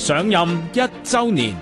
上任一周年，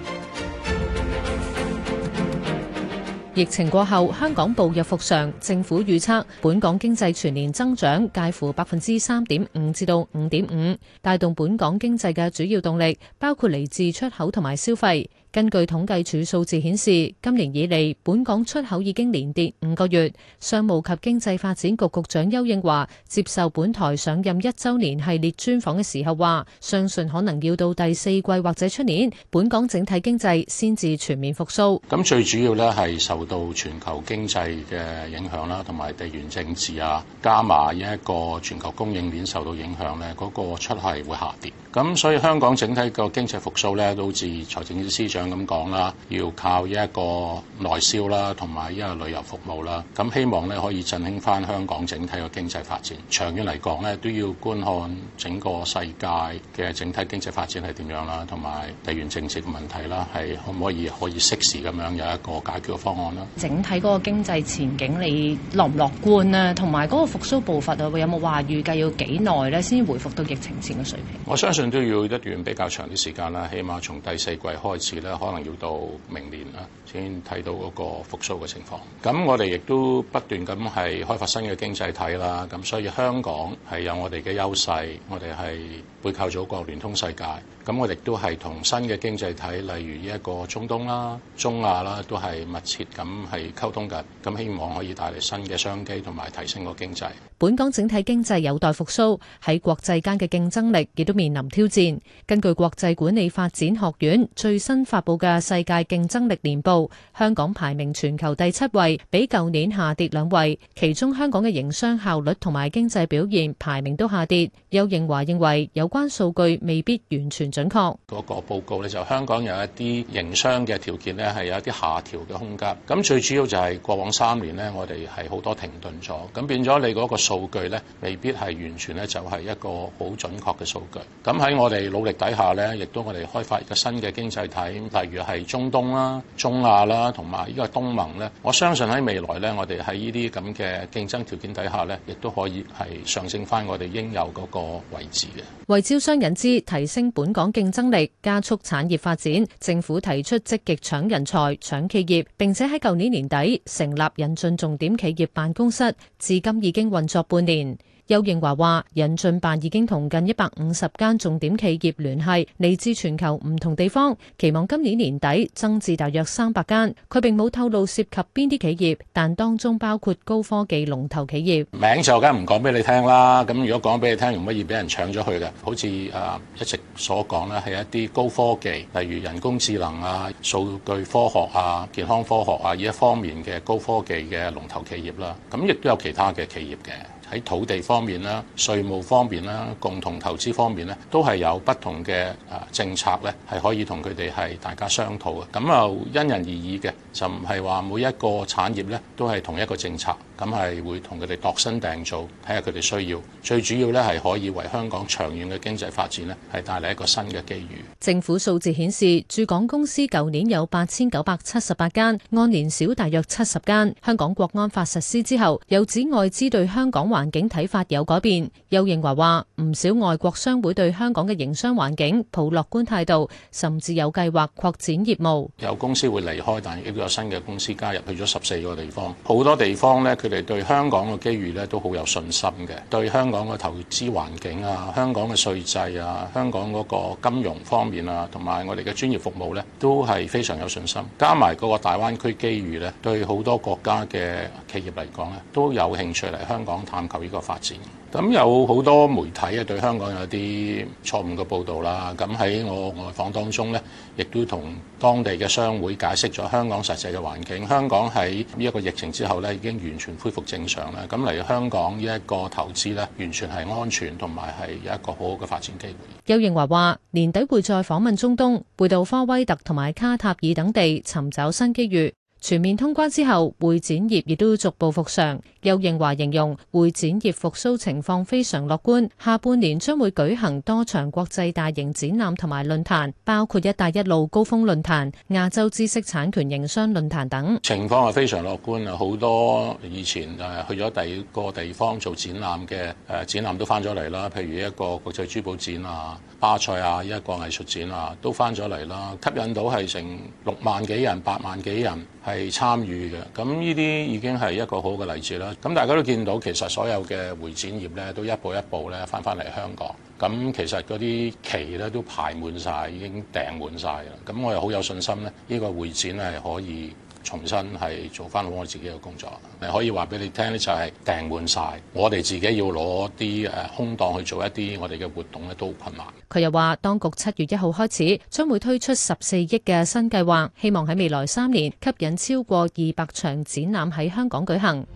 疫情過後香港步入復常，政府預測本港經濟全年增長介乎百分之三點五至到五點五，帶動本港經濟嘅主要動力包括嚟自出口同埋消費。根據統計處數字顯示，今年以嚟本港出口已經連跌五個月。商務及經濟發展局局長丘應樺接受本台上任一周年系列專訪嘅時候話，相信可能要到第四季或者出年，本港整體經濟先至全面復甦。咁最主要咧係受到全球經濟嘅影響啦，同埋地緣政治啊，加埋依一個全球供應鏈受到影響呢，嗰、那個出口會下跌。咁所以香港整體個經濟復甦咧，都似財政司長咁講啦，要靠一個內銷啦，同埋一個旅遊服務啦。咁希望咧可以振興翻香港整體嘅經濟發展。長遠嚟講咧，都要觀看整個世界嘅整體經濟發展係點樣啦，同埋地緣政治嘅問題啦，係可唔可以可以適時咁樣有一個解決方案啦？整體嗰個經濟前景你樂唔樂觀啊？同埋嗰個復甦步伐啊，有冇話預計要幾耐咧先回復到疫情前嘅水平？我相信，盡都要一段比較長啲時間啦，起碼從第四季開始咧，可能要到明年啦，先睇到嗰個復甦嘅情況，咁我哋亦都不斷咁係開發新嘅經濟體啦。咁所以香港係有我哋嘅優勢，我哋係背靠祖國聯通世界。咁我哋都係同新嘅經濟體例如呢一個中東啦、中亞啦，都係密切咁係溝通緊，咁希望可以帶嚟新嘅商機同埋提升個經濟。本港整體經濟有待復蘇，喺國際間嘅競爭力亦都面臨挑戰。根據國際管理發展學院最新發布嘅《世界競爭力年報》，香港排名全球第七位，比舊年下跌兩位。其中香港嘅營商效率同埋經濟表現排名都下跌。丘應樺認為有關數據未必完全準確。嗰個報告咧就是香港有一啲營商嘅條件咧係有一啲下調嘅空間。咁最主要就係過往三年咧我哋係好多停頓咗，咁變咗你嗰個數據咧未必係完全咧就係一個好準確嘅數據。咁喺我哋努力底下呢，亦都我哋開發一個新嘅經濟體，例如係中東啦、中亞啦，同埋呢個東盟呢。我相信喺未來呢，我哋喺呢啲咁嘅競爭條件底下呢，亦都可以係上升翻我哋應有嗰個位置嘅。為招商引資、提升本港競爭力、加速產業發展，政府提出積極搶人才、搶企業，並且喺舊年年底成立引進重點企業辦公室，至今已經運作半年。丘應樺話，引進辦已經同近一百五十間重點企業聯繫，嚟自全球唔同地方，期望今年年底增至大約三百間。佢並冇透露涉及邊啲企業，但當中包括高科技龍頭企業。名就梗唔講俾你聽啦。咁如果講俾你聽，容乜易俾人搶咗去嘅？好似誒，一直所講咧，係一啲高科技，例如人工智能啊、數據科學啊、健康科學啊，呢一方面嘅高科技嘅龍頭企業啦。咁亦都有其他嘅企業嘅。喺土地方面啦、稅務方面啦、共同投資方面咧，都係有不同嘅啊政策咧，係可以同佢哋係大家商討嘅。咁啊因人而異嘅，就唔係話每一個產業咧都係同一個政策。咁係會同佢哋度身訂造，睇下佢哋需要。最主要呢係可以為香港長遠嘅經濟發展呢係帶嚟一個新嘅機遇。政府數字顯示，駐港公司舊年有八千九百七十八間，按年少大約七十間。香港國安法實施之後，又指外資對香港環境睇法有改變，又認為話唔少外國商會對香港嘅營商環境抱樂觀態度，甚至有計劃擴展業務。有公司會離開，但亦都有新嘅公司加入，去咗十四個地方，好多地方呢。佢。佢哋對香港嘅機遇咧，都好有信心嘅。對香港嘅投資環境啊，香港嘅稅制啊，香港嗰個金融方面啊，同埋我哋嘅專業服務咧，都係非常有信心。加埋嗰個大灣區機遇咧，對好多國家嘅企業嚟講咧，都有興趣嚟香港探求呢個發展。咁有好多媒體啊，對香港有啲錯誤嘅報導啦。咁喺我外訪當中呢，亦都同當地嘅商會解釋咗香港實際嘅環境。香港喺呢一個疫情之後呢，已經完全恢復正常啦。咁嚟香港呢一個投資呢，完全係安全同埋係有一個好好嘅發展機會。丘應樺話：年底會再訪問中東，回到科威特同埋卡塔爾等地，尋找新機遇。全面通關之後會展業亦都逐步復常。丘應樺形容會展業復蘇情況非常樂觀，下半年將會舉行多場國際大型展覽同埋論壇，包括「一帶一路」高峰論壇、亞洲知識產權營商論壇等。情況係非常樂觀啊！好多以前誒去咗第二個地方做展覽嘅誒展覽都翻咗嚟啦，譬如一個國際珠寶展啊、巴塞啊、一個藝術展啊，都翻咗嚟啦，吸引到係成六萬幾人、八萬幾人。係參與嘅，咁呢啲已經係一個好嘅例子啦。咁大家都見到，其實所有嘅會展業呢都一步一步咧翻翻嚟香港。咁其實嗰啲期咧都排滿晒，已經訂滿晒啦。咁我又好有信心呢，呢個會展係可以。重新係做翻好我自己嘅工作，你可以話俾你聽呢就係訂滿晒。我哋自己要攞啲誒空檔去做一啲我哋嘅活動咧，都困難。佢又話，當局七月一號開始將會推出十四億嘅新計劃，希望喺未來三年吸引超過二百場展覽喺香港舉行。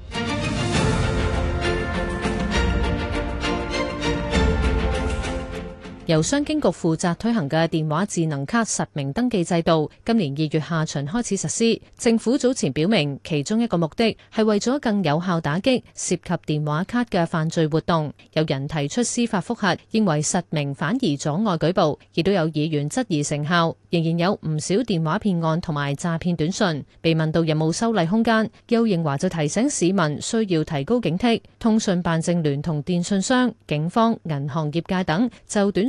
由商經局負責推行嘅電話智能卡實名登記制度，今年二月下旬開始實施。政府早前表明，其中一個目的係為咗更有效打擊涉及電話卡嘅犯罪活動。有人提出司法覆核認為實名反而阻礙舉報，亦都有議員質疑成效，仍然有唔少電話騙案同埋詐騙短信。被問到有冇修例空間，丘應樺就提醒市民需要提高警惕。通訊辦正聯同電信商、警方、銀行業界等就短。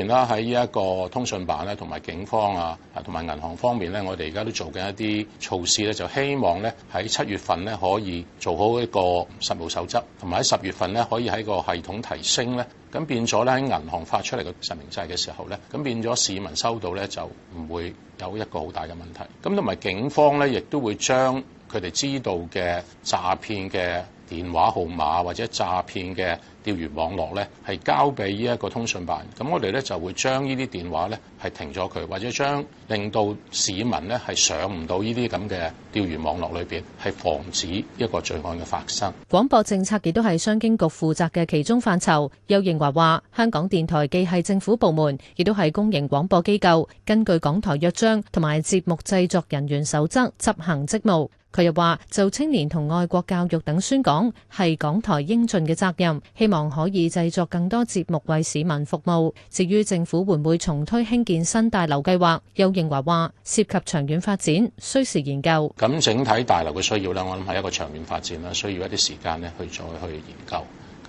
啦喺呢一個通訊辦咧，同埋警方啊，同埋銀行方面咧，我哋而家都做緊一啲措施咧，就希望咧喺七月份咧可以做好一個實務守則，同埋喺十月份咧可以喺個系統提升咧，咁變咗咧喺銀行發出嚟嘅實名制嘅時候咧，咁變咗市民收到咧就唔會有一個好大嘅問題。咁同埋警方咧，亦都會將佢哋知道嘅詐騙嘅電話號碼或者詐騙嘅釣魚網絡呢，係交俾呢一個通訊辦。咁我哋呢，就會將呢啲電話呢，係停咗佢，或者將令到市民呢，係上唔到呢啲咁嘅釣魚網絡裏邊，係防止一個罪案嘅發生。廣播政策亦都係商經局負責嘅其中範疇。丘應樺話：香港電台既係政府部門，亦都係公營廣播機構，根據港台約章同埋節目製作人員守則執行職務。佢又話：就青年同愛國教育等宣講係港台應盡嘅責任，希望可以製作更多節目為市民服務。至於政府會唔會重推興建新大樓計劃，又認為話涉及長遠發展，需時研究。咁整體大樓嘅需要呢，我諗係一個長遠發展啦，需要一啲時間呢去再去研究。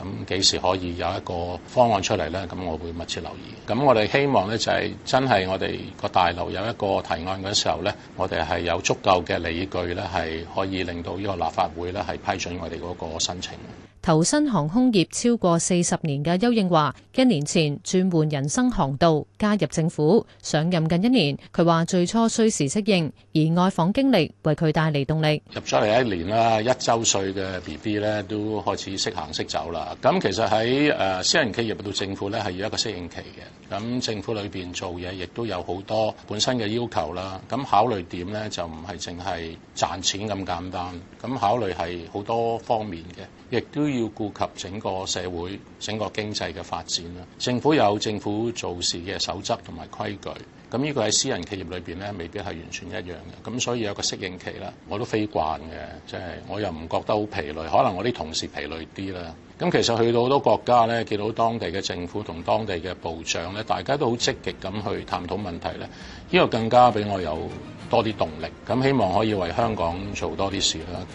咁幾時可以有一個方案出嚟咧？咁我會密切留意。咁我哋希望咧就係、是、真係我哋個大樓有一個提案嘅時候咧，我哋係有足夠嘅理據咧，係可以令到呢個立法會咧係批准我哋嗰個申請。投身航空業超過四十年嘅丘應樺，一年前轉換人生航道，加入政府，上任近一年。佢話最初需時適應，而外訪經歷為佢帶嚟動力。入咗嚟一年啦，一周歲嘅 B B 咧都開始識行識走啦。咁其實喺誒私人企業到政府咧係要一個適應期嘅。咁政府裏邊做嘢亦都有好多本身嘅要求啦。咁考慮點咧就唔係淨係賺錢咁簡單，咁考慮係好多方面嘅，亦都。要顧及整個社會、整個經濟嘅發展啦。政府有政府做事嘅守則同埋規矩，咁呢個喺私人企業裏面咧，未必係完全一樣嘅。咁所以有個適應期啦。我都飛慣嘅，即係我又唔覺得好疲累。可能我啲同事疲累啲啦。咁其實去到好多國家咧，見到當地嘅政府同當地嘅部長咧，大家都好積極咁去探討問題咧。呢個更加俾我有多啲動力。咁希望可以為香港做多啲事啦。